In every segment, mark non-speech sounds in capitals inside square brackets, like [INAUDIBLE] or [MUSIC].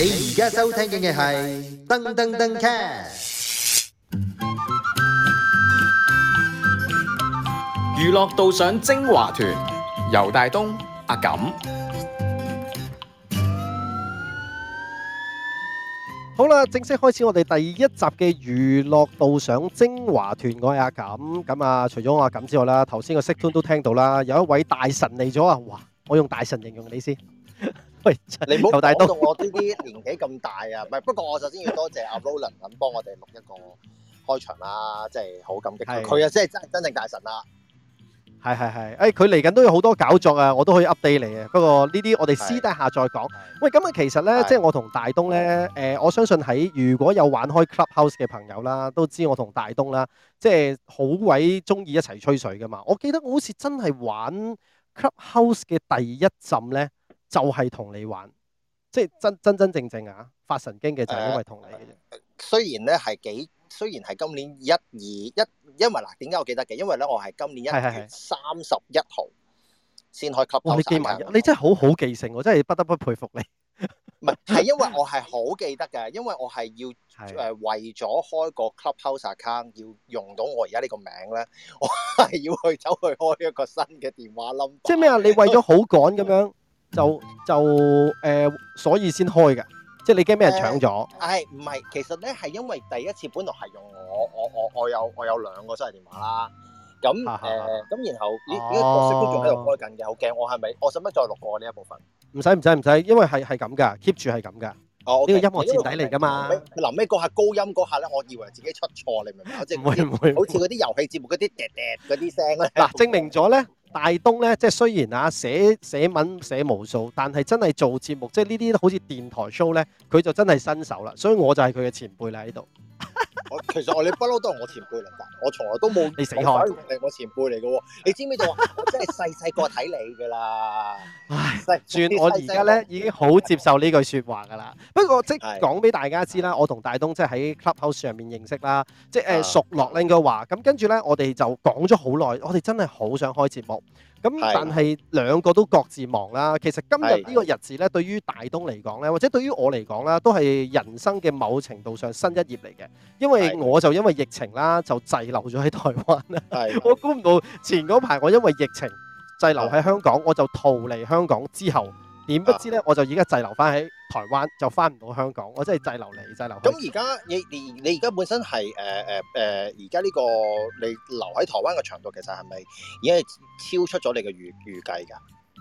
你而家收聽嘅係《噔噔噔 Cast》娛樂導賞精華團，游大東阿錦。好啦，正式開始我哋第一集嘅《娛樂導賞精華團》，我係阿錦。咁啊，除咗我阿錦之外啦，頭先個 Discoon 都聽到啦，有一位大神嚟咗啊！哇，我用大神形容你先。你唔好講到我呢啲年紀咁大啊！唔係，不過我首先要多謝阿 Roland 咁幫我哋錄一個開場啦，即係好感激佢。佢啊，真係真的真正大神啦！係係係，誒，佢嚟緊都有好多搞作啊，我都可以 update 嚟嘅。不過呢啲我哋私底下再講。的喂，咁啊，其實咧，即係的我同大東咧，誒、呃，我相信喺如果有玩開 Clubhouse 嘅朋友啦，都知我同大東啦，即係好鬼中意一齊吹水噶嘛。我記得我好似真係玩 Clubhouse 嘅第一陣咧。就係同你玩，即係真真真正正啊！發神經嘅就係因為同你嘅。雖然咧係幾，雖然係今年一二一，因為嗱，點解我記得嘅？因為咧我係今年一月三十一號先開 club house。你記埋，你真係好好記性，我真係不得不佩服你。唔係，係因為我係好記得嘅，因為我係要誒為咗開個 club house account 要用到我而家呢個名咧，我係要去走去開一個新嘅電話 number。即係咩啊？你為咗好趕咁樣？就就誒，所以先開噶，即係你驚俾人搶咗？係唔係？其實咧係因為第一次本來係用我我我我有我有兩個私人電話啦。咁誒，咁然後呢呢個角色都仲喺度開緊嘅，好驚我係咪？我使唔使再錄過呢一部分？唔使唔使唔使，因為係係咁噶，keep 住係咁噶。哦，呢個音樂墊底嚟噶嘛。佢臨尾嗰下高音嗰下咧，我以為自己出錯，你明唔明啊？即係唔會唔會，好似嗰啲遊戲節目嗰啲喋喋嗰啲聲咧。嗱，證明咗咧。大東咧，即係雖然啊，寫寫文寫無數，但係真係做節目，即係呢啲好似電台 show 咧，佢就真係新手啦，所以我就係佢嘅前輩啦喺度。我 [LAUGHS] [LAUGHS] 其實我哋不嬲都係我前輩嚟㗎，我從來都冇你死開，你我 [LAUGHS] [LAUGHS] 前輩嚟嘅喎，你知唔知道？我真係細細個睇你㗎啦。 [LAUGHS] [LAUGHS] 轉我而家咧已經好接受呢句説話㗎啦。 [LAUGHS] 不過即係講俾大家知啦，的我同大東即係喺 Clubhouse 上面認識啦，即係誒、呃、的熟落應該話。咁跟住咧，我哋就講咗好耐，我哋真係好想開節目。咁的但係兩個都各自忙啦。其實今日呢個日子咧，的對於大東嚟講咧，或者對於我嚟講啦，都係人生嘅某程度上新一頁嚟嘅。因為我就因為疫情啦，就滯留咗喺台灣啦。我估唔到前嗰排我因為疫情。滯留喺香港，啊、我就逃離香港之後，點不知咧，啊、我就而家滯留翻喺台灣，就翻唔到香港，我真係滯留嚟滯留去。咁而家你你而家本身係誒誒誒，而家呢個你留喺台灣嘅長度，其實係咪已經係超出咗你嘅預預計㗎？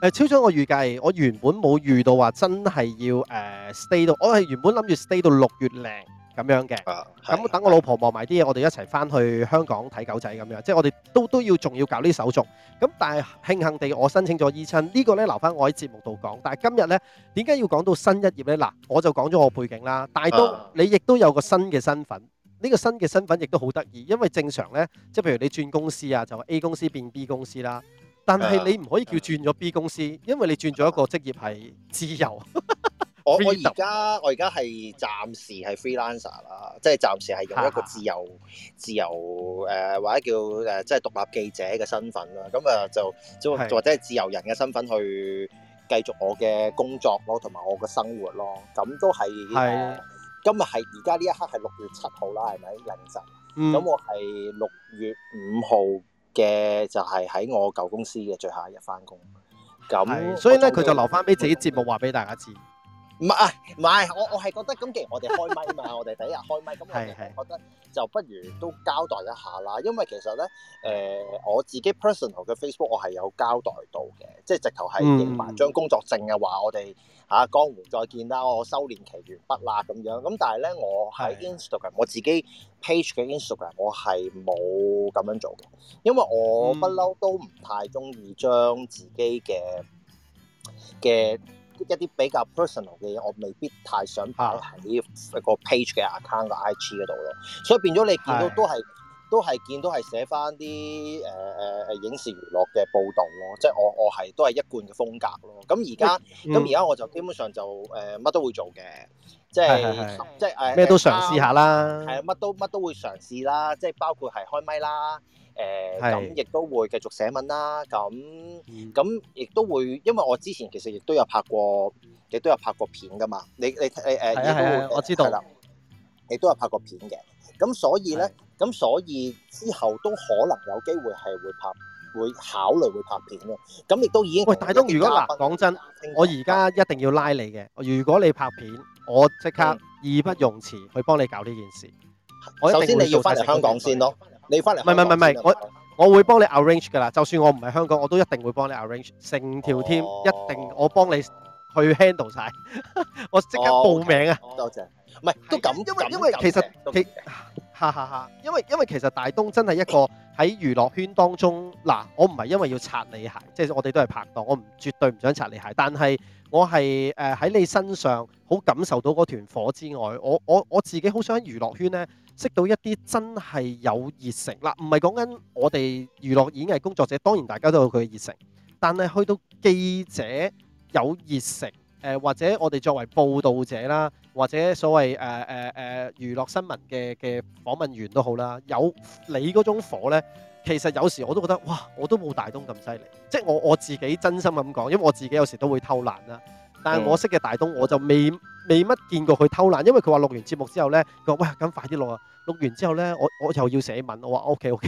誒，超出我預計，我原本冇預到話真係要誒、呃、stay 到，我係原本諗住 stay 到六月零。咁樣嘅，咁等我老婆忙埋啲嘢，我哋一齊翻去香港睇狗仔咁樣，即係我哋都都要仲要搞啲手續。咁但係慶幸地，我申請咗依親，呢個呢留翻我喺節目度講。但係今日呢，點解要講到新一頁呢？嗱，我就講咗我背景啦，但係都你亦都有個新嘅身份，呢個新嘅身份亦都好得意，因為正常呢，即係譬如你轉公司啊，就 A 公司變 B 公司啦，但係你唔可以叫轉咗 B 公司，因為你轉咗一個職業係自由。我我而家我而家係暫時係 freelancer 啦，即係暫時係用一個自由自由誒、呃、或者叫誒、呃、即係獨立記者嘅身份啦。咁啊就就或者係自由人嘅身份去繼續我嘅工作咯，同埋我嘅生活咯。咁都係。係的。今日係而家呢一刻係六月七號啦，係咪？凌晨。嗯。咁我係六月五號嘅，就係、係、喺我舊公司嘅最後一日翻工。咁，所以咧佢就留翻俾自己節目話俾大家知。唔係啊，唔係，我我係覺得咁，既然我哋開咪嘛， [LAUGHS] 我哋第一日開咪，咁我哋覺得就不如都交代一下啦。因為其實咧，誒、呃、我自己 personal 嘅 Facebook 我係有交代到嘅，即係直頭係認埋張工作證嘅話，我哋下江湖再見啦，我修煉期完畢啦咁樣。咁但係咧，我喺 Instagram、嗯、我自己 page 嘅 Instagram 我係冇咁樣做嘅，因為我不嬲都唔太中意將自己嘅嘅。一啲比較 personal 嘅嘢，我未必太想擺喺一個 page 嘅 account 個 IG 嗰度咯，啊、所以變咗你見到都係是都係見到係寫翻啲誒誒誒影視娛樂嘅報道咯，即係我我係都係一貫嘅風格咯。咁而家咁而家我就基本上就誒乜、呃、都會做嘅，即係即係咩都嘗試下啦，係啊，乜都乜都會嘗試啦，即係包括係開咪啦。誒，咁亦都會繼續寫文啦，咁咁亦都會，因為我之前其實亦都有拍過，亦都有拍過片噶嘛，你你誒，都我知道，你都有拍過片嘅，咁所以咧，咁所以之後都可能有機會係會拍，會考慮會拍片嘅，咁亦都已經喂，大東，如果嗱講真，我而家一定要拉你嘅，如果你拍片，我即刻義不容辭去幫你搞呢件事，我首先你要翻嚟香港先咯。你翻嚟？唔係唔係唔係，我我會幫你 arrange 噶啦。就算我唔喺香港，我都一定會幫你 arrange。成條 team、oh. 一定我幫你去 handle 晒。 [LAUGHS] 我即刻報名啊！Oh, okay . oh. 多謝。唔係都咁，因為因為其實，哈哈哈。因為因為其實大東真係一個喺娛樂圈當中嗱， [COUGHS] 我唔係因為要擦你鞋，即係我哋都係拍檔，我唔絕對唔想擦你鞋。但係我係誒喺你身上好感受到嗰團火之外，我我我，我自己好想喺娛樂圈呢。識到一啲真係有熱誠嗱，唔係講緊我哋娛樂演藝工作者，當然大家都有佢嘅熱誠，但係去到記者有熱誠，誒、呃、或者我哋作為報導者啦，或者所謂誒誒誒娛樂新聞嘅嘅訪問員都好啦，有你嗰種火呢，其實有時我都覺得哇，我都冇大東咁犀利，即係我我自己真心咁講，因為我自己有時都會偷懶啦。但係我識嘅大東，我就未未乜見過佢偷懶，因為佢話錄完節目之後咧，佢話喂咁快啲錄啊！錄完之後咧，我我又要寫文，我話 OK OK。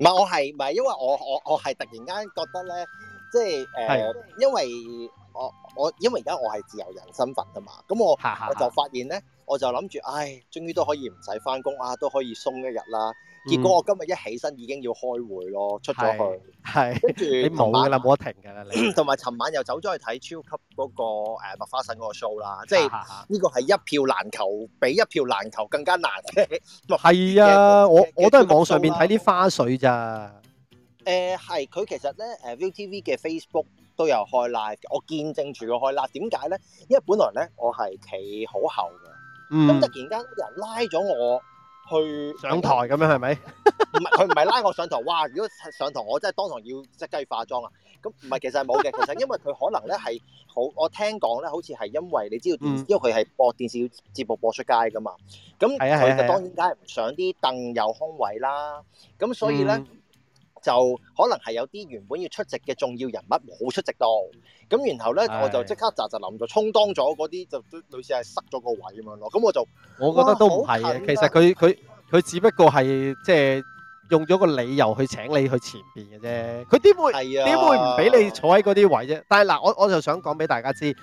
唔 [LAUGHS] 係我係唔係因為我我我係突然間覺得咧，即係誒、呃是，因為我我因為而家我係自由人身份啊嘛，咁我我就發現咧，我就諗住唉，終於都可以唔使翻工啊，都可以鬆一日啦。結果我今日一起身已經要開會咯，出咗去。係跟住你冇啦，冇得停噶啦。同埋尋晚又走咗去睇超級嗰個誒《麥、啊、花臣》嗰個 show 啦，即係呢個係一票難求，比一票難求更加難。係啊， [LAUGHS] 的我我都係網上面睇啲花絮咋。誒、啊，係佢其實咧，誒 ViuTV 嘅 Facebook 都有開 live，我見證住佢開 live。點解咧？因為本來咧我係企好後嘅，咁突然間人拉咗我。去上台咁樣係咪？唔係佢唔係拉我上台，哇！如果上上台，我真係當堂要即刻化妝啊！咁唔係其實係冇嘅，其實因為佢可能咧係好，我聽講咧好似係因為你知道、嗯、因為佢係播電視要節目播出街㗎嘛，咁佢就當然梗係唔上啲凳有空位啦。咁所以咧。嗯就可能係有啲原本要出席嘅重要人物冇出席到，咁然後呢，我就即刻喳喳臨就充當咗嗰啲，就類似係塞咗個位咁樣咯。咁我就我覺得都唔係啊。其實佢佢佢只不過係即係用咗個理由去請你去前邊嘅啫。佢點是的 會點會唔俾你坐喺嗰啲位啫？但係嗱，我我就想講俾大家知。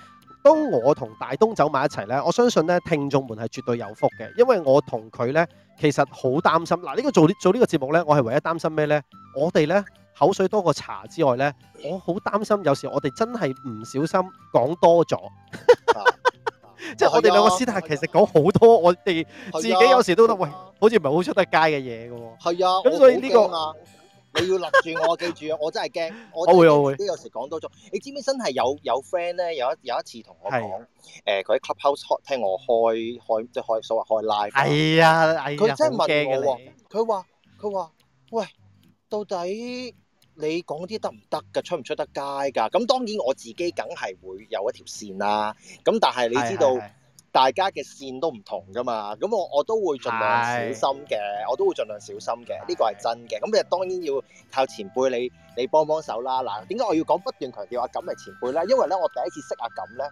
當我同大東走埋一齊呢，我相信呢，聽眾們係絕對有福嘅，因為我同佢呢，其實好擔心嗱。呢、呃呢個做呢做呢個節目呢，我係唯一擔心咩呢？我哋呢，口水多過茶之外呢，我好擔心有時我哋真係唔小心講多咗， [LAUGHS] 啊、 [LAUGHS] 即係我哋兩個私下其實講好多，啊、我哋自己有時都覺得喂，好似唔係好出得街嘅嘢嘅喎。係啊，咁、啊啊、所以呢、呢個。 [LAUGHS] 你要立住我，我記住啊！我真係驚，我會我會，都有時講多咗。你知唔知真係有有 friend 咧？有一有一次同我講，誒佢的、呃、clubhouse 聽我開開即係開所謂開 live。係啊、哎，佢、哎、真係問我喎，佢話佢話喂，到底你講啲得唔得㗎？出唔出得街㗎？咁當然我自己梗係會有一條線啦、啊。咁但係你知道。大家嘅線都唔同噶嘛，咁我我都會盡量小心嘅，我都會盡量小心嘅，呢個係真嘅。咁你當然要靠前輩你你幫幫手啦。嗱，點解我要講不斷強調阿感係前輩咧？因為咧我第一次識阿感咧，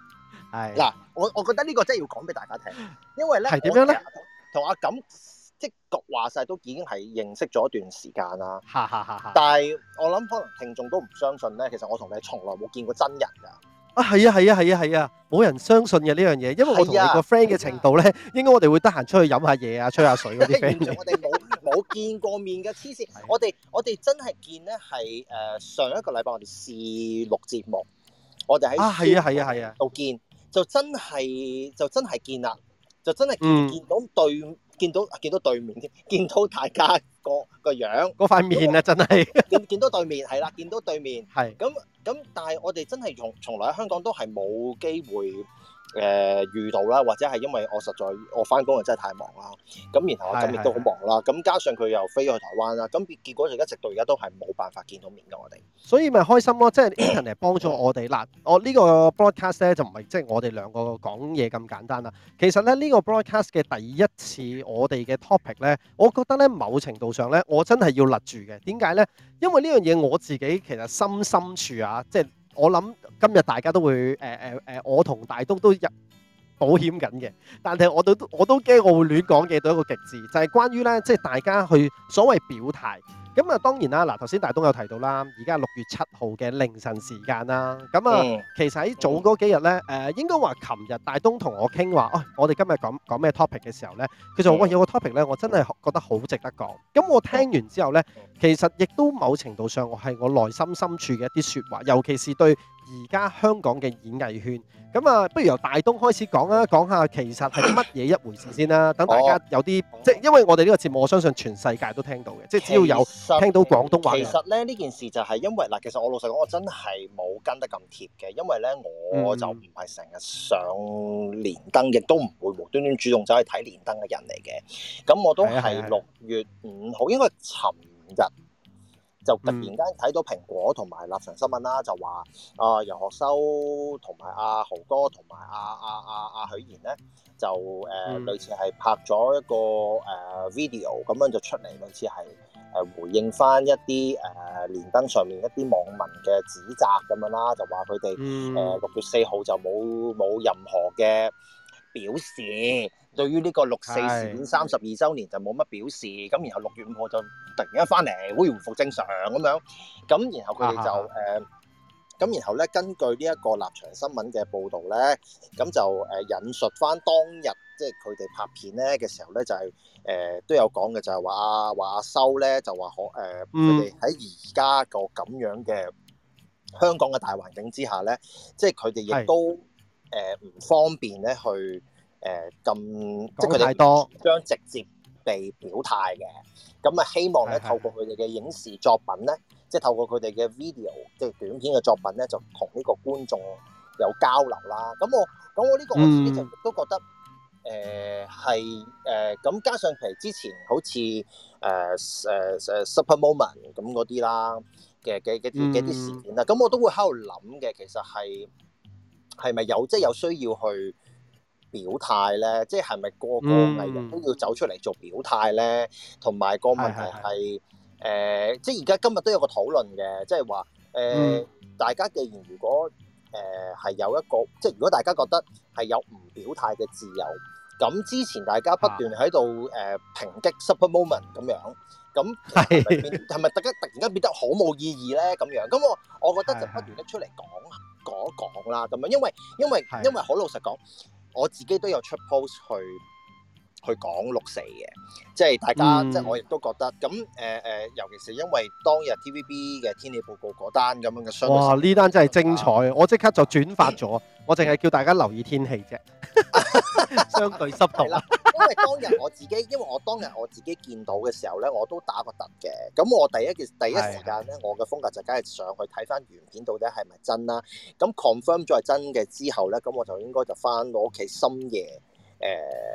係，嗱，我我覺得呢個真係要講俾大家聽，因為咧係點樣咧同阿感即係話晒，都已經係認識咗一段時間啦。哈哈哈！但係我諗可能聽眾都唔相信咧，其實我同你從來冇見過真人㗎。啊，係啊，係啊，係啊，係啊，冇人相信嘅呢樣嘢，因為我同你個 friend 嘅程度咧，應該我哋會得閒出去飲下嘢啊，吹下水嗰啲 friend，我哋冇冇見過面嘅，黐線，我哋我哋真係見咧係誒上一個禮拜我哋試錄節目，我哋喺啊係啊係啊係啊度見，就真係就真係見啦，就真係見見到對。見到見到對面添，見到大家個個樣，嗰塊面啊，真係是見見到對面，係啦，見到對面，係咁咁，但係我哋真係從從來喺香港都係冇機會。誒、呃、遇到啦，或者係因為我實在我翻工又真係太忙啦，咁然後我咁亦都好忙啦，咁是加上佢又飛去台灣啦，咁結果就一直到而家都係冇辦法見到面嘅。我哋。所以咪開心咯，即係 Internet 幫助我哋 [COUGHS] 啦。我呢個 broadcast 咧就唔係即係我哋兩個講嘢咁簡單啦。其實咧呢、呢個 broadcast 嘅第一次我哋嘅 topic 咧，我覺得咧某程度上咧，我真係要立住嘅。點解咧？因為呢樣嘢我自己其實心深，深處啊，即係。我諗今日大家都會誒誒誒，我同大東都入保險緊嘅，但係我都我都驚我會亂講嘅到一個極致，就係、是、關於咧即係大家去所謂表態。咁啊，當然啦，嗱頭先大東有提到啦，而家係六月七號嘅凌晨時間啦，咁啊，嗯、其實喺早嗰幾日咧，誒、嗯呃、應該話琴日大東同我傾話，哎、我哋今日講講咩 topic 嘅時候咧，佢就話有個 topic 咧，我真係覺得好值得講。咁我聽完之後咧，其實亦都某程度上我係我內心深處嘅一啲説話，尤其是對。而家香港嘅演藝圈，咁啊，不如由大東開始講啦，啊，講下其實係乜嘢一回事先啦，啊。等大家有啲、哦、即係，因為我哋呢個節目，我相信全世界都聽到嘅，即係實只要有聽到廣東話嘅。其實咧，呢件事就係因為嗱，其實我老實講，我真係冇跟得咁貼嘅，因為咧，我就唔係成日上連登，亦都唔會無端端主動走去睇連登嘅人嚟嘅。咁我都係六月五號，應該尋日。就突然間睇到蘋果同埋立場新聞啦，就話、呃、啊，啊，游學修同埋阿豪哥同埋阿阿阿阿許賢咧，就誒、呃嗯、類似係拍咗一個誒、呃、video 咁樣就出嚟，類似係誒、呃、回應返一啲誒連登上面一啲網民嘅指責咁樣啦，就話佢哋誒六月四號就冇冇任何嘅。表示對於呢個六四事件三十二週年就冇乜表示，咁的然後六月五號就突然間翻嚟，恢復正常咁樣，咁然後佢哋就誒，咁、啊哈呃、然後咧根據呢一個立場新聞嘅報導咧，咁就誒引述翻當日即係佢哋拍片咧嘅時候咧，就係、是、誒、呃、都有講嘅，就係話阿修收咧就話可誒，佢哋喺而家個咁樣嘅香港嘅大環境之下咧，即係佢哋亦都。誒唔、呃、方便咧去誒咁，佢哋太多將直接被表態嘅。咁啊，希望咧透過佢哋嘅影視作品咧，即係 [NOISE] 透過佢哋嘅 video 即係短片嘅作品咧，就同呢個觀眾有交流啦。咁我咁我呢個我自己就都覺得誒係誒咁，加上、呃 mm, mm, 其實之前好似誒誒誒 Super Moment 咁嗰啲啦嘅嘅嘅一啲事件啦，咁我都會喺度諗嘅，其實係。係咪有即係有需要去表態咧？即係咪個個藝人都要走出嚟做表態咧？同埋個問題係誒，即係而家今日都有個討論嘅，即係話誒，大家既然如果誒係有一個，即係如果大家覺得係有唔表態嘅自由，咁之前大家不斷喺度誒抨擊 Supper Moment 咁樣。咁係係咪突然間變得好冇意義咧？咁樣，咁我我覺得就不斷地出嚟講 [LAUGHS] 講一講啦，咁樣因為因為 [LAUGHS] 因為好老實講，我自己都有出 post 去。去講六四嘅，即係大家，嗯、即係我亦都覺得咁誒誒，尤其是因為當日 TVB 嘅天氣報告嗰單咁樣嘅相。哇！呢單真係精彩，話我即刻就轉發咗。嗯、我淨係叫大家留意天氣啫。 [LAUGHS] [LAUGHS] 相對濕度， [LAUGHS] 因為當日我自己，因為我當日我自己見到嘅時候咧，我都打個突嘅。咁我第一件第一時間咧，是的 我嘅風格就梗係上去睇翻原片到底係咪真啦。咁 confirm 咗係真嘅之後咧，咁我就應該就翻到屋企深夜。誒、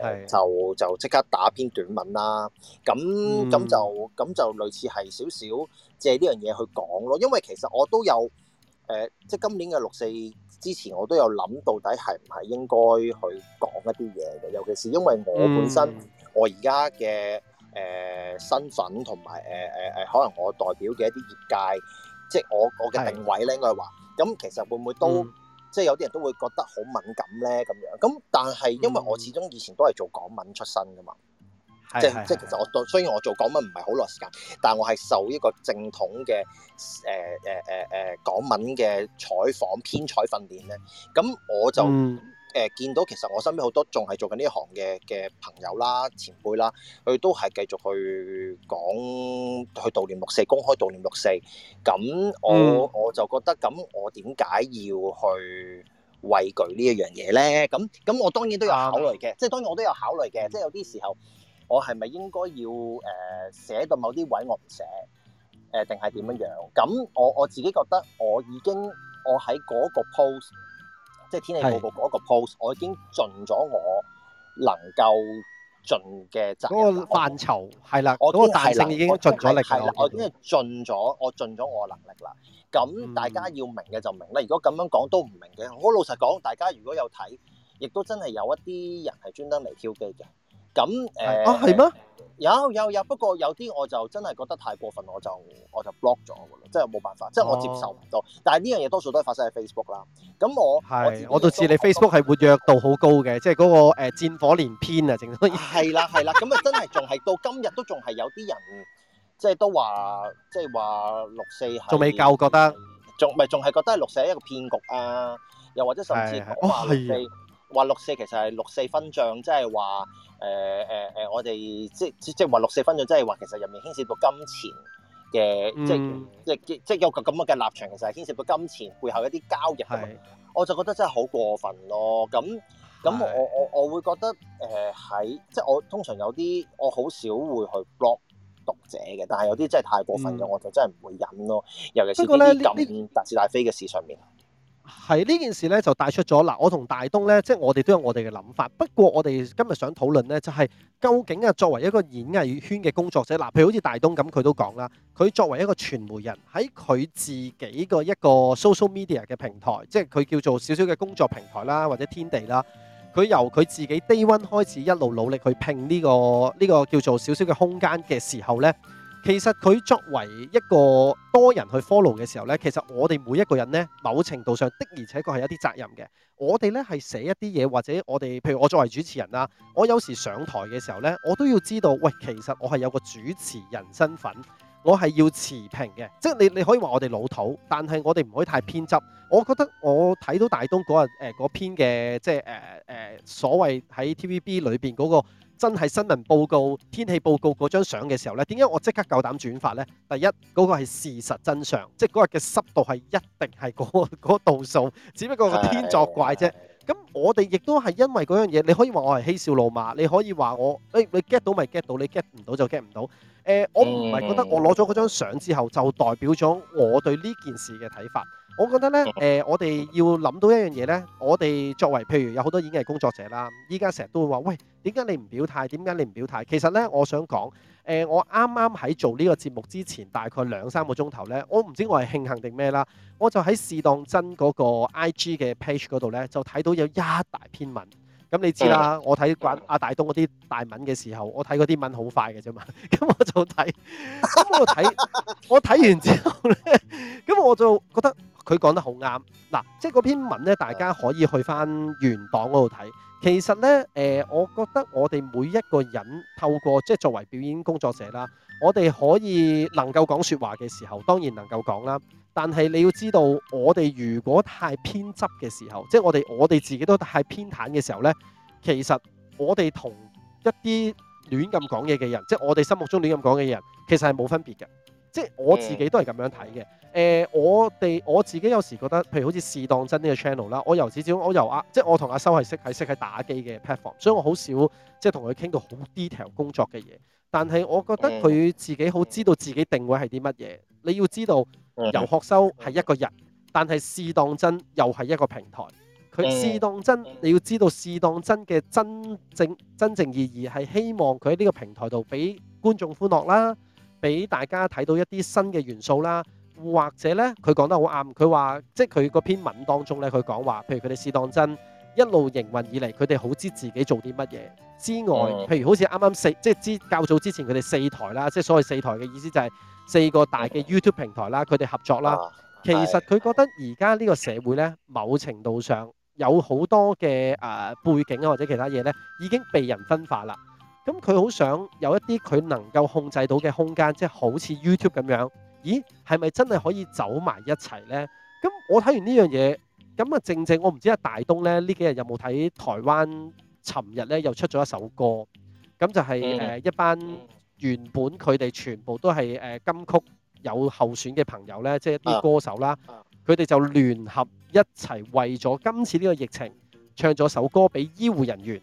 呃、是就就即刻打篇短文啦，咁咁、嗯、就咁就類似係少少借呢樣嘢去講咯，因為其實我都有誒、呃，即係今年嘅六四之前，我都有諗到底係唔係應該去講一啲嘢嘅，尤其是因為我本身、嗯、我而家嘅誒身份同埋誒誒誒，可能我代表嘅一啲業界，即係我我嘅定位咧，是應該話，咁其實會唔會都？嗯即係有啲人都會覺得好敏感咧咁樣，咁但係因為我始終以前都係做港聞出身㗎嘛，嗯、即係即係其實我雖然我做港聞唔係好耐時間，但係我係受一個正統嘅誒誒誒誒港聞嘅採訪編採訓練咧，咁我就。嗯誒、呃、見到其實我身邊好多仲係做緊呢一行嘅嘅朋友啦、前輩啦，佢都係繼續去講去悼念六四、公開悼念六四。咁我、嗯、我就覺得，咁我點解要去畏懼呢一樣嘢咧？咁咁我當然都有考慮嘅，啊、即係當然我都有考慮嘅，即係有啲時候我係咪應該要誒、呃、寫到某啲位我唔寫誒定係點樣樣？咁我我自己覺得我已經我喺嗰個 post。即係天氣報告嗰個 post 是我已經盡咗我能夠盡嘅責任範疇，啦我，嗰的個彈性已經盡咗力啦。我已經盡咗，我盡咗我能力啦。咁大家要明嘅就明啦。如果咁樣講都唔明嘅，我老實講，大家如果有睇，亦都真係有一啲人係專登嚟挑機嘅。咁誒啊係嗎？有有有，不過有啲我就真係覺得太過分，我就我就 block 咗㗎啦，即係冇辦法，即係我接受唔到。但係呢樣嘢多數都係發生喺 Facebook 啦。咁我係，我都知你 Facebook 係活躍度好高嘅，即係嗰個誒戰火連篇啊，整到係啦係啦。咁啊真係仲係到今日都仲係有啲人，即係都話即係話六四係仲未夠覺得，仲咪仲係覺得六四係一個騙局啊，又或者甚至講話係。話六四其實係六四分賬，就是呃呃，即係話誒誒誒，我哋即即即話六四分賬，即係話其實入面牽涉到金錢嘅，即即即有個咁咁嘅立場，其實係牽涉到金錢背後一啲交易係咪？的我就覺得真係好過分咯。咁咁的我我我會覺得誒喺、呃、即我通常有啲我好少會去 block 讀者嘅，但係有啲真係太過分咗，嗯、我就真係唔會忍咯。尤其是啲咁大是大非嘅事上面。係呢件事咧就帶出咗啦，我同大東呢，即係我哋都有我哋嘅諗法。不過我哋今日想討論呢，就係、係、究竟啊，作為一個演藝圈嘅工作者，嗱，譬如好似大東咁，佢都講啦，佢作為一個傳媒人，喺佢自己嘅一個 social media 嘅平台，即係佢叫做少少嘅工作平台啦，或者天地啦，佢由佢自己 day one 開始，一路努力去拼呢、呢個呢、呢個叫做少少嘅空間嘅時候呢。其實佢作為一個多人去 follow 嘅時候呢，其實我哋每一個人呢，某程度上的而且確係有啲責任嘅。我哋呢係寫一啲嘢，或者我哋譬如我作為主持人啦，我有時上台嘅時候呢，我都要知道，喂，其實我係有個主持人身份，我係要持平嘅，即係你你可以話我哋老土，但係我哋唔可以太偏執。我覺得我睇到大東嗰日誒嗰篇嘅，即係誒誒所謂喺 TVB 裏邊嗰個。真係新聞報告、天氣報告嗰張相嘅時候呢，點解我即刻夠膽轉發呢？第一，嗰個係事實真相，即係嗰日嘅濕度係一定係嗰度數，只不過個天作怪啫。咁我哋亦都係因為嗰樣嘢，你可以話我係嬉笑怒罵，你可以話我，誒你 get 到咪 get 到，你 get 唔到就 get 唔到。誒、呃，我唔係覺得我攞咗嗰張相之後就代表咗我對呢件事嘅睇法。我覺得呢，誒、呃，我哋要諗到一樣嘢呢。我哋作為，譬如有好多演藝工作者啦，依家成日都會話，喂，點解你唔表態？點解你唔表態？其實呢，我想講，誒、呃，我啱啱喺做呢個節目之前，大概兩三個鐘頭呢，我唔知我係慶幸定咩啦，我就喺試當真嗰個 I G 嘅 page 嗰度呢，就睇到有一大篇文。咁你知啦，我睇慣阿大東嗰啲大文嘅時候，我睇嗰啲文好快嘅啫嘛。咁、 [LAUGHS] 嗯、我就睇，咁我睇，我睇完之後呢，咁、 [LAUGHS] 嗯、我就覺得。佢講得好啱，嗱，即係嗰篇文咧，大家可以去翻原檔嗰度睇。其實呢，誒、呃，我覺得我哋每一個人透過即係作為表演工作者啦，我哋可以能夠講説話嘅時候，當然能夠講啦。但係你要知道，我哋如果太偏執嘅時候，即係我哋我哋自己都太偏袒嘅時候呢，其實我哋同一啲亂咁講嘢嘅人，即係我哋心目中亂咁講嘅人，其實係冇分別嘅。即係我自己都係咁樣睇嘅。誒、呃，我哋我自己有時覺得，譬如好似試當真呢個 channel 啦，我由始至終，我由阿、啊、即係我同阿修係識係識係打機嘅 platform，所以我好少即係同佢傾到好 detail 工作嘅嘢。但係我覺得佢自己好知道自己定位係啲乜嘢。你要知道，游學修係一個人，但係試當真又係一個平台。佢試當真，你要知道試當真嘅真正真正意義係希望佢喺呢個平台度俾觀眾歡樂啦。俾大家睇到一啲新嘅元素啦，或者呢，佢講得好啱，佢話即係佢嗰篇文當中呢，佢講話，譬如佢哋試當真一路營運以嚟，佢哋好知自己做啲乜嘢之外，譬如好似啱啱四即係知較早之前佢哋四台啦，即係所謂四台嘅意思就係、是、四個大嘅 YouTube 平台啦，佢哋合作啦。其實佢覺得而家呢個社會呢，某程度上有好多嘅誒、呃、背景啊或者其他嘢呢，已經被人分化啦。咁佢好想有一啲佢能夠控制到嘅空間，即係好似 YouTube 咁樣。咦，係咪真係可以走埋一齊咧？咁我睇完呢樣嘢，咁啊正正我唔知阿大東咧呢幾日有冇睇台灣？尋日咧又出咗一首歌，咁就係誒一班原本佢哋全部都係誒金曲有候選嘅朋友咧，即係一啲歌手啦，佢哋就聯合一齊為咗今次呢個疫情唱咗首歌俾醫護人員。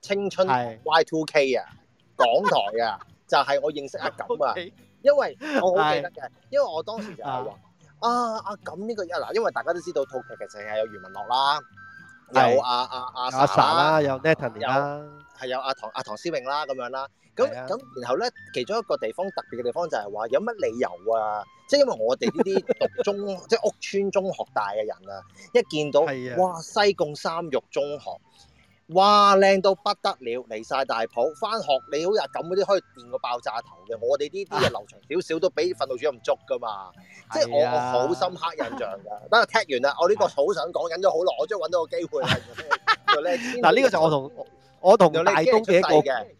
青春 Y2K 啊，港台啊，就係、是、我認識阿感啊，因為我好記得嘅，因為我當時就係話啊啊咁呢、啊這個啊嗱，因為大家都知道套劇其實係有余文樂啦，有阿阿阿 Sa 啦，有 Nathalie 啦，係有阿、啊啊、唐阿、啊、唐詩詠啦咁樣啦，咁咁對、啊、然後咧，其中一個地方特別嘅地方就係話有乜理由啊？即、就、係、是、因為我哋呢啲讀中即係屋邨中學大嘅人啊，一見到哇西貢三育中學。哇，靚到不得了，離晒大譜返學，你好日撳嗰啲可以電個爆炸頭嘅，我哋呢啲嘢留長少少都畀訓導主任捉足噶嘛，啊、即係我，我好深刻印象㗎。等我踢完啦，我呢個好想講忍咗好耐，我終於揾到個機會。嗱、啊，呢、 [LAUGHS] 啊呢個就我同我同、啊、大東嘅一個嘅。啊這個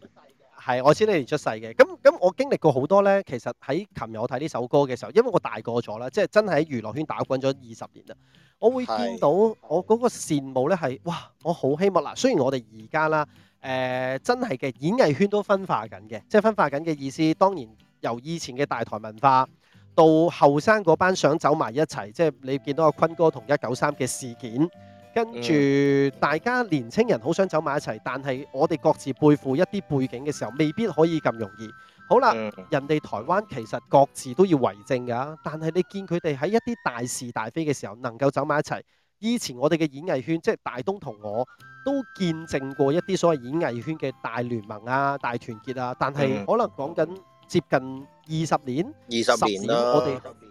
係，我先呢年出世嘅，咁咁我經歷過好多呢。其實喺琴日我睇呢首歌嘅時候，因為我大個咗啦，即係真係喺娛樂圈打滾咗二十年啦，我會見到我嗰個羨慕呢，係哇，我好希望嗱。雖然我哋而家啦，誒、呃、真係嘅演藝圈都分化緊嘅，即係分化緊嘅意思。當然由以前嘅大台文化到後生嗰班想走埋一齊，即係你見到阿坤哥同一九三嘅事件。跟住、嗯、大家年青人好想走埋一齊，但係我哋各自背負一啲背景嘅時候，未必可以咁容易。好啦，嗯、人哋台灣其實各自都要為政㗎，但係你見佢哋喺一啲大是大非嘅時候能夠走埋一齊。以前我哋嘅演藝圈，即係大東同我都見證過一啲所謂演藝圈嘅大聯盟啊、大團結啊。但係可能講緊接近二十年、二十、嗯、年啦。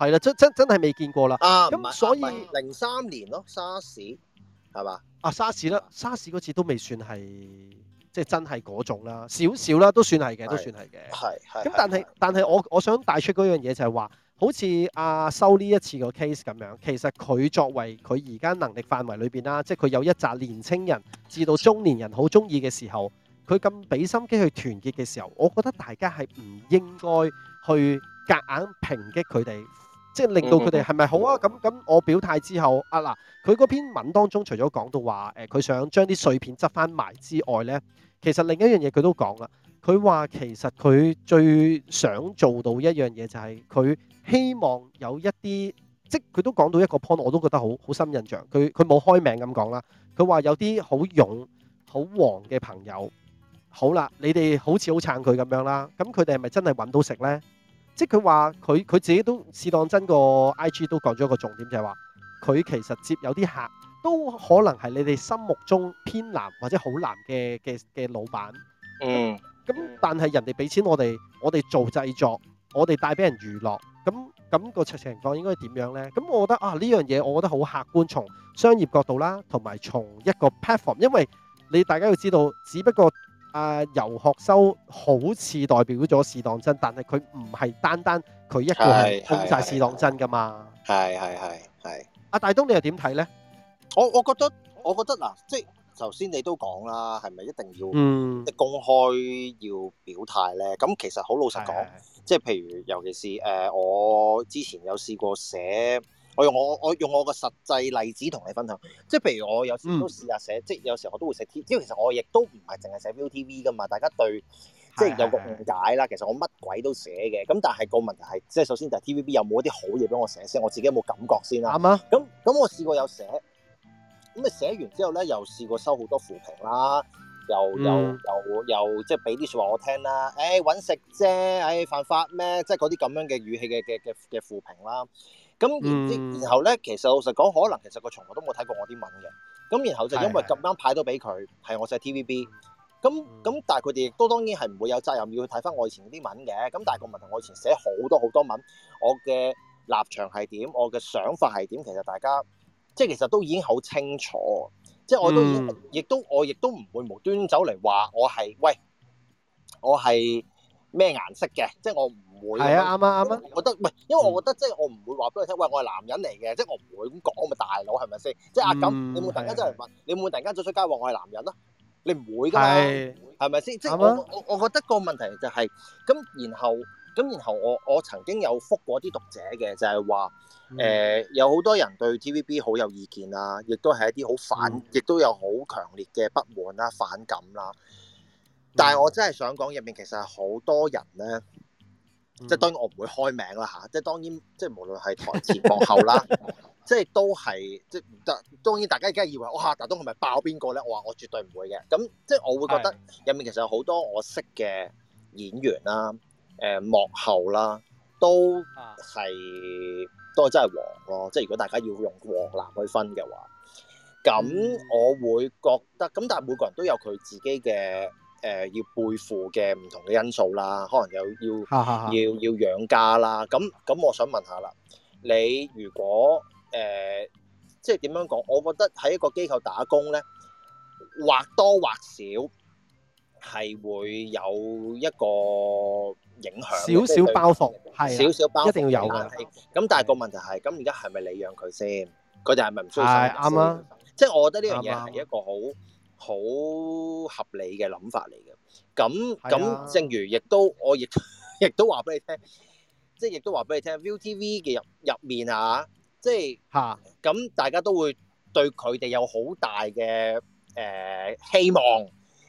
係啦，真真真係未見過啦。咁、啊嗯、所以零三年咯，沙士係嘛？啊沙士啦，沙士嗰次都未算係即係真係嗰種啦，少少啦，都算係嘅，的都算係嘅。係係。咁但係但係我我想帶出嗰樣嘢就係、是、話，好似阿修呢一次個 case 咁樣，其實佢作為佢而家能力範圍裏邊啦，即係佢有一紮年青人至到中年人好中意嘅時候，佢咁俾心機去團結嘅時候，我覺得大家係唔應該去夾硬抨擊佢哋。即係令到佢哋係咪好啊？咁咁我表態之後，啊嗱，佢嗰篇文當中除咗講到話誒，佢想將啲碎片執翻埋之外呢，其實另一樣嘢佢都講啦。佢話其實佢最想做到一樣嘢就係佢希望有一啲，即佢都講到一個 point，我都覺得好好深印象。佢佢冇開名咁講啦，佢話有啲好勇好黃嘅朋友，好啦，你哋好似好撐佢咁樣啦，咁佢哋係咪真係揾到食呢？即佢話佢佢自己都試當真個 IG 都講咗一個重點，就係話佢其實接有啲客都可能係你哋心目中偏藍或者好藍嘅嘅嘅老闆。嗯。咁、嗯、但係人哋俾錢我哋，我哋做製作，我哋帶俾人娛樂。咁咁、嗰個情情況應該點樣呢？咁我覺得啊，呢樣嘢我覺得好客觀，從商業角度啦，同埋從一個 platform，因為你大家要知道，只不過。啊！呃、游學修好似代表咗試當真，但係佢唔係單單佢一個人控曬試當真噶嘛？係係係係。阿、啊、大東，你又點睇咧？我我覺得我覺得嗱，即係頭先你都講啦，係咪一定要嗯公開要表態咧？咁其實好老實講，是即係譬如尤其是誒，我之前有試過寫。我我我用我個實際例子同你分享，即係譬如我有時都試下寫，即係有時候我都會寫 T，因為其實我亦都唔係淨係寫 ViuTV 噶嘛，大家對，即係有個誤解啦。其實我乜鬼都寫嘅，咁但係個問題係，即係首先就係 TVB 有冇一啲好嘢俾我寫先，我自己有冇感覺先啦。係咪？咁咁我試過有寫，咁咪寫完之後咧，又試過收好多負評啦，又又又又即係俾啲說話我聽啦，誒搵食啫，誒犯法咩？即係嗰啲咁樣嘅語氣嘅嘅嘅嘅負評啦。咁、嗯、然之後咧，其實老實講，可能其實佢從來都冇睇過我啲文嘅。咁然後就因為咁啱派到俾佢，係的我寫 TVB。咁咁、嗯，但係佢哋亦都當然係唔會有責任要去睇返我以前啲文嘅。咁但係個問題，我以前寫好多好多文，我嘅立場係點，我嘅想法係點，其實大家即係其實都已經好清楚。即係我都亦、嗯、都我亦都唔會無端走嚟話我係喂，我係咩顏色嘅，即係我唔。係啊，啱啊，啱啊！我覺得唔係，因為我覺得即係我唔會話俾你聽，喂，我係男人嚟嘅，即係我唔會咁講咪大佬係咪先？即係阿感，你會突然間真係問，你會突然間做出街話我係男人咯？你唔會噶嘛？係咪先？即係我我我覺得個問題就係咁，然後咁然後我我曾經有覆過啲讀者嘅，就係話誒有好多人對 TVB 好有意見啦，亦都係一啲好反，亦都有好強烈嘅不滿啦、反感啦。但係我真係想講入面其實係好多人咧。嗯、即係當然我唔會開名啦嚇，即係當然即係無論係台前幕後啦， [LAUGHS] 即係都係即係唔得，當然大家而家以為我嚇大東係咪爆邊個咧？我話我絕對唔會嘅。咁即係我會覺得入面其實有好多我識嘅演員啦、誒、呃、幕後啦，都係都係真係黃咯、喔。即係如果大家要用黃藍去分嘅話，咁我會覺得咁，嗯、但係每個人都有佢自己嘅。誒要背負嘅唔同嘅因素啦，可能又要要要養家啦。咁咁，我想問下啦，你如果誒即係點樣講？我覺得喺一個機構打工咧，或多或少係會有一個影響，少少包袱，係少少包袱，一定要有嘅。咁但係個問題係，咁而家係咪你養佢先？嗰陣係咪唔需要晒？啱啊！即係我覺得呢樣嘢係一個好。好合理嘅諗法嚟嘅，咁咁正如亦都我亦亦都話俾你聽，即係亦都話俾你聽，ViuTV 嘅入入面啊，即係嚇，咁哈大家都會對佢哋有好大嘅誒、呃、希望，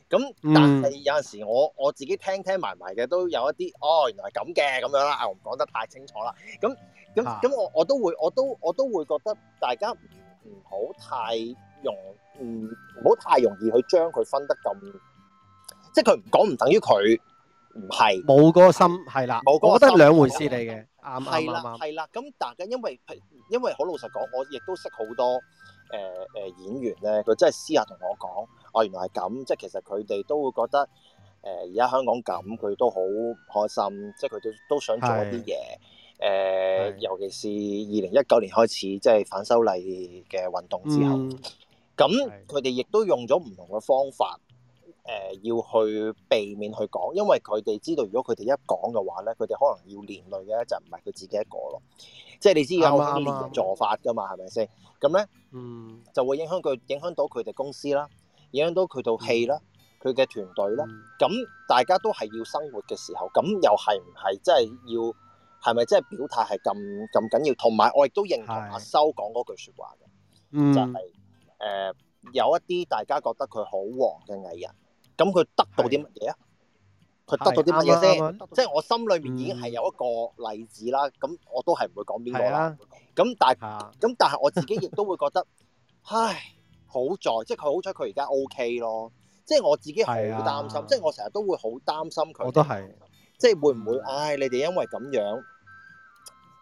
咁但係有陣時我我自己聽聽埋埋嘅都有一啲，嗯、哦原來係咁嘅咁樣啦，我唔講得太清楚啦，咁咁咁我我都會我都我都會覺得大家唔好太用。唔好、嗯、太容易去將佢分得咁，即係佢唔講唔等於佢唔係冇嗰個心，係啦，我覺得兩回事嚟嘅，係啦、嗯，係啦對。咁大家因為因為好老實講，我亦都識好多誒誒、呃呃、演員咧，佢真係私下同我講，哦，原來係咁，即係其實佢哋都會覺得誒而家香港咁，佢都好唔開心，即係佢哋都想做一啲嘢。誒，尤其是二零一九年開始即係反修例嘅運動之後。嗯咁佢哋亦都用咗唔同嘅方法，誒、呃、要去避免去講，因為佢哋知道，如果佢哋一講嘅話，咧，佢哋可能要連累嘅就唔係佢自己一個咯，即係你知嘅，我哋連坐法噶嘛，係咪先？咁咧吧，呢嗯，就會影響佢影響到佢哋公司啦，影響到佢套戲啦，佢嘅團隊啦。咁、嗯、大家都係要生活嘅時候，咁又係唔係，即係要係咪即係表態係咁咁緊要？同埋我亦都認同阿修講嗰句說話嘅，就係的。的誒、呃、有一啲大家覺得佢好黃嘅藝人，咁佢得到啲乜嘢啊？佢的得到啲乜嘢先？即係我心裏面已經係有一個例子啦。咁、嗯、我都係唔會講邊個啦。咁的但係咁的但係我自己亦都會覺得， [LAUGHS] 唉，好在即係佢好彩佢而家 OK 咯。即係我自己好擔心，的即係我成日都會好擔心佢。我都係即係會唔會唉？你哋因為咁樣。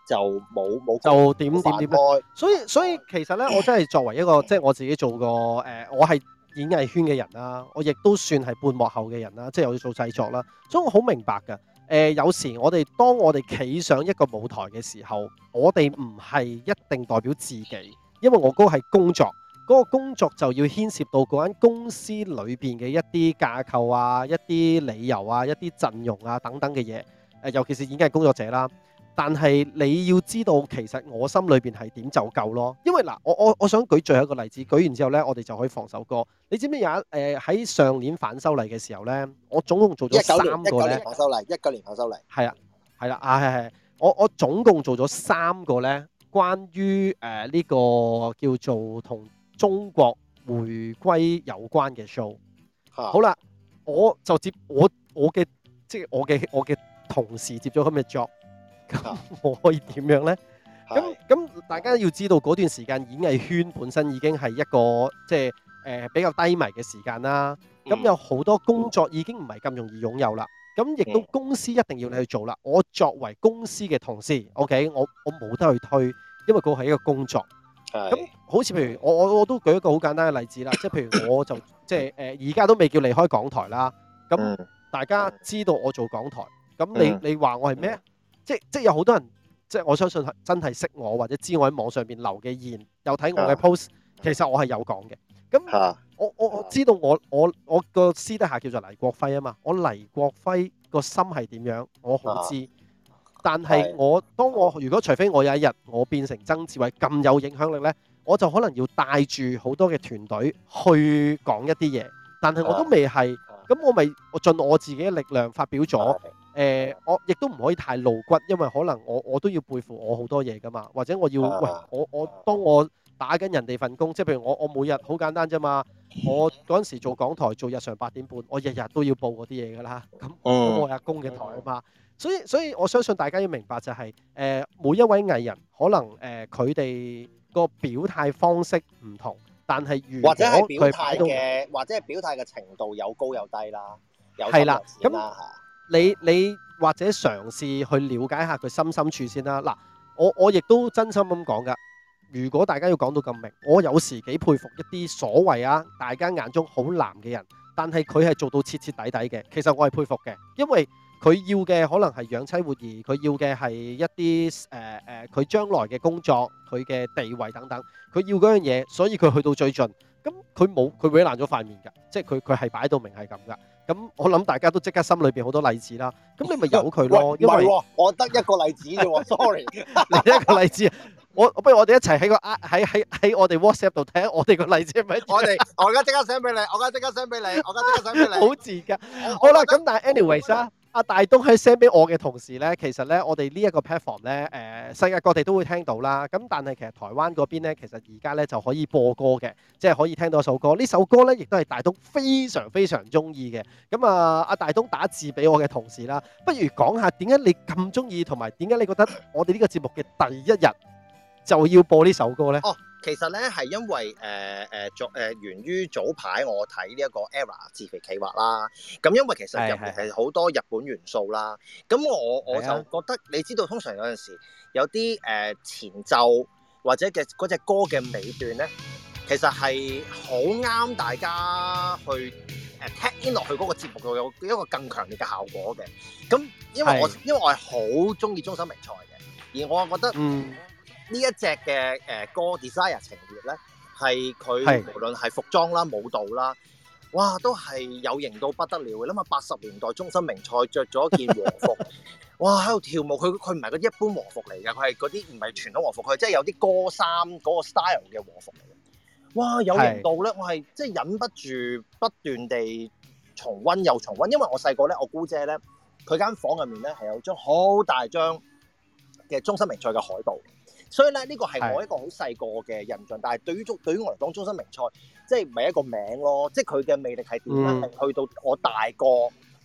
就冇冇就點點點咧，所以所以其實咧，我真係作為一個即係、就是、我自己做過誒、呃，我係演藝圈嘅人啦、啊，我亦都算係半幕後嘅人啦、啊，即係又要做製作啦、啊，所以我好明白嘅。誒、呃，有時我哋當我哋企上一個舞台嘅時候，我哋唔係一定代表自己，因為我嗰個係工作，嗰、那個工作就要牽涉到嗰間公司裏邊嘅一啲架構啊、一啲理由啊、一啲陣容啊等等嘅嘢。誒、呃，尤其是演藝工作者啦。但係你要知道，其實我心裏邊係點就夠咯。因為嗱，我我我想舉最後一個例子，舉完之後呢，我哋就可以放首歌。你知唔知有一誒喺上年反修例嘅時候呢，我總共做咗三個咧。一九年，一九年反修例，一九年反修例係啊，係啦啊，係係、啊啊啊啊。我我總共做咗三個呢，關於誒呢個叫做同中國回歸有關嘅 show。啊、好啦，我就接我我嘅即係我嘅、即係、我嘅同事接咗咁嘅 job。咁我可以點樣呢？咁咁，大家要知道嗰段時間演藝圈本身已經係一個即係誒比較低迷嘅時間啦。咁有好多工作已經唔係咁容易擁有啦。咁亦都公司一定要你去做啦。我作為公司嘅同事，OK，我我冇得去推，因為佢係一個工作。咁好似譬如我我我都舉一個好簡單嘅例子啦，即係譬如我就即係誒而家都未叫離開港台啦。咁大家知道我做港台，咁你你話我係咩？即係即係有好多人，即係我相信真係識我或者知我喺網上邊留嘅言，又睇我嘅 post，Yeah. 其實我係有講嘅。咁 Yeah. 我我我知道我我我個私底下叫做黎國輝啊嘛，我黎國輝個心係點樣，我好知。Yeah. 但係我當我如果除非我有一日我變成曾志偉咁有影響力咧，我就可能要帶住好多嘅團隊去講一啲嘢。但係我都未係，咁 Yeah. 我咪我盡我自己嘅力量發表咗。Yeah. 誒、呃，我亦都唔可以太露骨，因為可能我我都要背負我好多嘢噶嘛，或者我要喂我我當我打緊人哋份工，即係譬如我我每日好簡單啫嘛，我嗰陣時做港台做日常八點半，我日日都要報嗰啲嘢噶啦，咁我阿公嘅台啊嘛，所以所以我相信大家要明白就係、是、誒、呃，每一位藝人可能誒佢哋個表態方式唔同，但係或者佢態嘅或者係表態嘅程度有高有低啦，有深有淺啦嚇。你你或者嘗試去了解下佢心深處先啦。嗱，我我亦都真心咁講㗎。如果大家要講到咁明，我有時幾佩服一啲所謂啊，大家眼中好男嘅人，但係佢係做到徹徹底底嘅。其實我係佩服嘅，因為佢要嘅可能係養妻活兒，佢要嘅係一啲誒誒，佢、呃、將來嘅工作、佢嘅地位等等，佢要嗰樣嘢，所以佢去到最盡。咁佢冇佢毀爛咗塊面㗎，即係佢佢係擺到明係咁㗎。咁我諗大家都即刻心裏面好多例子啦，咁你咪由佢咯，喂因為我得一個例子啫喎 [LAUGHS] ，sorry， [LAUGHS] 另一個例子我不如我哋一齊喺個喺喺喺我哋 WhatsApp 度睇下我哋個例子係咪？我哋們 [LAUGHS] 我而家即刻 send 俾你，我而家即刻 send 俾你，我而家即刻 send 俾你， [LAUGHS] 好字噶，好啦，咁但係 anyways 啦。阿、啊、大東喺 send 俾我嘅同時呢，其實呢，我哋呢一個 platform 呢，誒、呃、世界各地都會聽到啦。咁但係其實台灣嗰邊呢，其實而家呢就可以播歌嘅，即係可以聽到一首歌。呢首歌呢，亦都係大東非常非常中意嘅。咁啊，阿、啊、大東打字俾我嘅同時啦，不如講下點解你咁中意，同埋點解你覺得我哋呢個節目嘅第一日就要播呢首歌呢？哦其實咧係因為誒誒作誒源於早排我睇呢一個 ERROR 自肥企劃啦，咁因為其實入面係好多日本元素啦，咁的我我就覺得你知道通常有陣時有啲誒、呃、前奏或者嘅嗰隻歌嘅尾段咧，其實係好啱大家去誒聽落去嗰個節目度有一個更強烈嘅效果嘅。咁因為我的因為我係好鍾意中森明菜嘅，而我覺得嗯。一呃、呢一隻嘅誒哥 Desire 情熱咧，係佢是無論係服裝啦、舞蹈啦，哇，都係有型到不得了啦，諗下八十年代中森明菜着咗件和服， [LAUGHS] 哇，喺度跳舞，佢佢唔係嗰一般和服嚟嘅，佢係嗰啲唔係傳統和服，佢係即係有啲歌衫嗰個 style 嘅和服嚟嘅。哇，有型到咧，是我係即係忍不住不斷地重温又重温，因為我細個咧，我姑姐咧，佢間房入面咧係有張好大張嘅中森明菜嘅海報。所以咧，呢個係我一個好細個嘅印象，但係對於中，對於我嚟講，中心名菜即係唔係一個名咯，即係佢嘅魅力係點咧？係去到我大個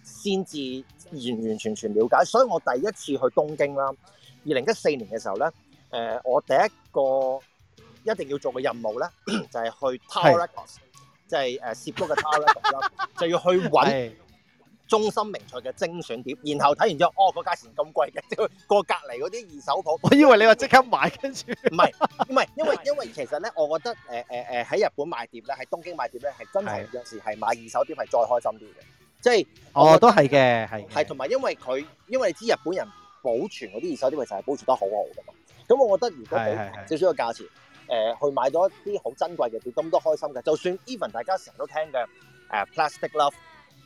先至完完全全瞭解。所以我第一次去東京啦，二零一四年嘅時候咧，誒，我第一個一定要做嘅任務咧，就係去 Touregos，即係誒，涉谷嘅 Touregos，就要去揾。中心名菜嘅精選碟，然後睇完之後，哦，個價錢咁貴嘅，即 [LAUGHS] 過隔離嗰啲二手鋪，我以 [LAUGHS] [LAUGHS] 為你話即刻買，跟住唔係，唔係，因為因為其實咧，我覺得誒誒誒喺日本買碟咧，喺東京買碟咧，係真係有時係買二手碟係再開心啲嘅，即係 [LAUGHS] 哦，都係嘅，係係同埋因為佢，因為你知日本人保存嗰啲二手碟其實係保存得好好㗎嘛，咁我覺得如果俾少少個價錢誒、呃，去買咗一啲好珍貴嘅碟，咁都開心嘅，就算 even 大家成日都聽嘅誒、uh, Plastic Love。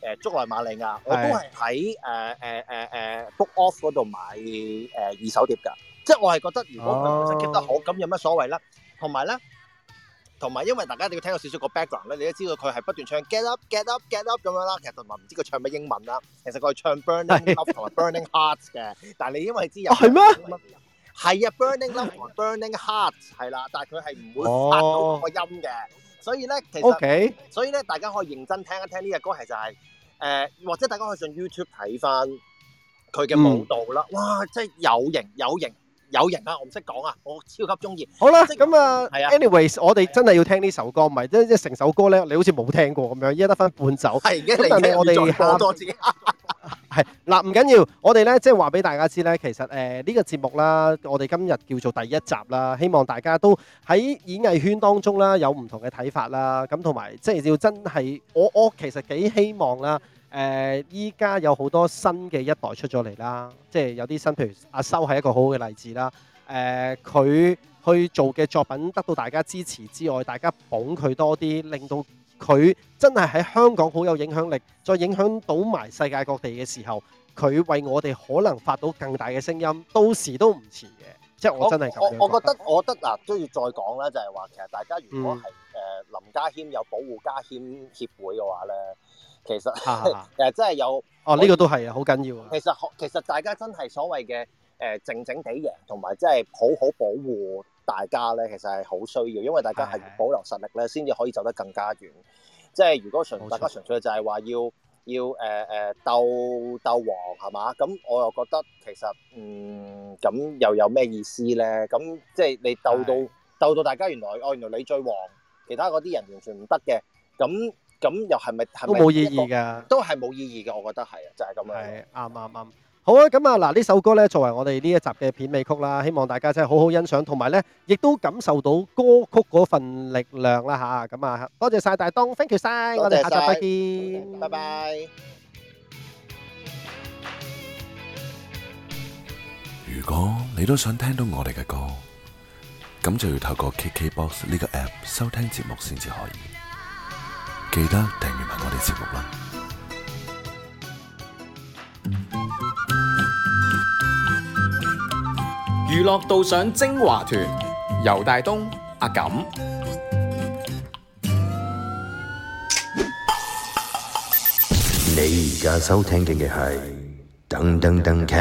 誒，竹內、呃、瑪利亞，是我都係喺誒誒誒誒 Book Off 嗰度買誒、呃、二手碟噶，即係我係覺得如果佢其實 keep 得好，咁、哦、有乜所謂啦？同埋咧，同埋因為大家你要聽到少少個 background 咧，你都知道佢係不斷唱 Get Up，Get Up，Get Up 咁 up, up 樣啦。其實同埋唔知佢唱咩英文啦，其實佢係唱 Burning Up 同埋 Burning Hearts 嘅。是 [LAUGHS] 但係你因為你知有，係咩嗎？係啊，Burning Up 同埋 Burning Hearts 係啦、 [LAUGHS] 啊，但係佢係唔會發到嗰個音嘅。哦。所以咧，其實，Okay，所以咧，大家可以認真聽一聽呢隻歌，係就係誒，或者大家可以上 YouTube 睇翻佢嘅舞蹈啦。哇，即係有型有型有型啊！我唔識講啊，我超級中意。好啦，咁啊，anyways，我哋真係要聽呢首歌，唔係即即係成首歌咧，你好似冇聽過咁樣，依家得翻半首。係，已經嚟緊，我哋下多字。嗱，唔緊要，我哋咧即係話俾大家知咧，其實誒呢個節目啦，我哋今日叫做第一集啦，希望大家都喺演藝圈當中啦有唔同嘅睇法啦，咁同埋即係要真係，我我其實幾希望啦，誒依家有好多新嘅一代出咗嚟啦，即係有啲新，譬如阿修係一個好好嘅例子啦，誒佢去做嘅作品得到大家支持之外，大家捧佢多啲，令到。佢真係喺香港好有影響力，再影響到埋世界各地嘅時候，佢為我哋可能發到更大嘅聲音，到時都唔遲嘅。即係我真係咁我，我，我覺得，我覺得嗱，都要再講啦。就係話其實大家如果係誒、嗯呃、林家謙有保護家謙協會嘅話咧，其實誒真係有哦，呢個都係啊，好緊要。其實，其實大家真係所謂嘅誒靜靜地贏，同埋真係好好保護。大家咧，其實係好需要，因為大家係保留實力咧，先至的可以走得更加遠。即係如果純錯大家純粹就係話要要誒誒、呃、鬥鬥王係嘛？咁我又覺得其實嗯咁又有咩意思咧？咁即係你鬥到的鬥到大家原來哦原來你最旺，其他嗰啲人完全唔得嘅。咁咁又係咪係咪都冇意義㗎？都係冇意義嘅，我覺得係就係、是、咁樣，啱啱啱。好啊，咁啊，嗱，呢首歌呢，作為我哋呢一集嘅片尾曲啦，希望大家真係好好欣賞，同埋呢，亦都感受到歌曲嗰份力量啦，吓咁啊，多謝晒大東，thank you 晒，我哋下集再見，拜拜。如果你都想聽到我哋嘅歌，咁就要透過 KKBOX 呢個 app 收聽節目先至可以，記得訂閱埋我哋節目啦。娛樂導賞精華團，游大東、阿錦。你而家收聽嘅係《燈登登劇》。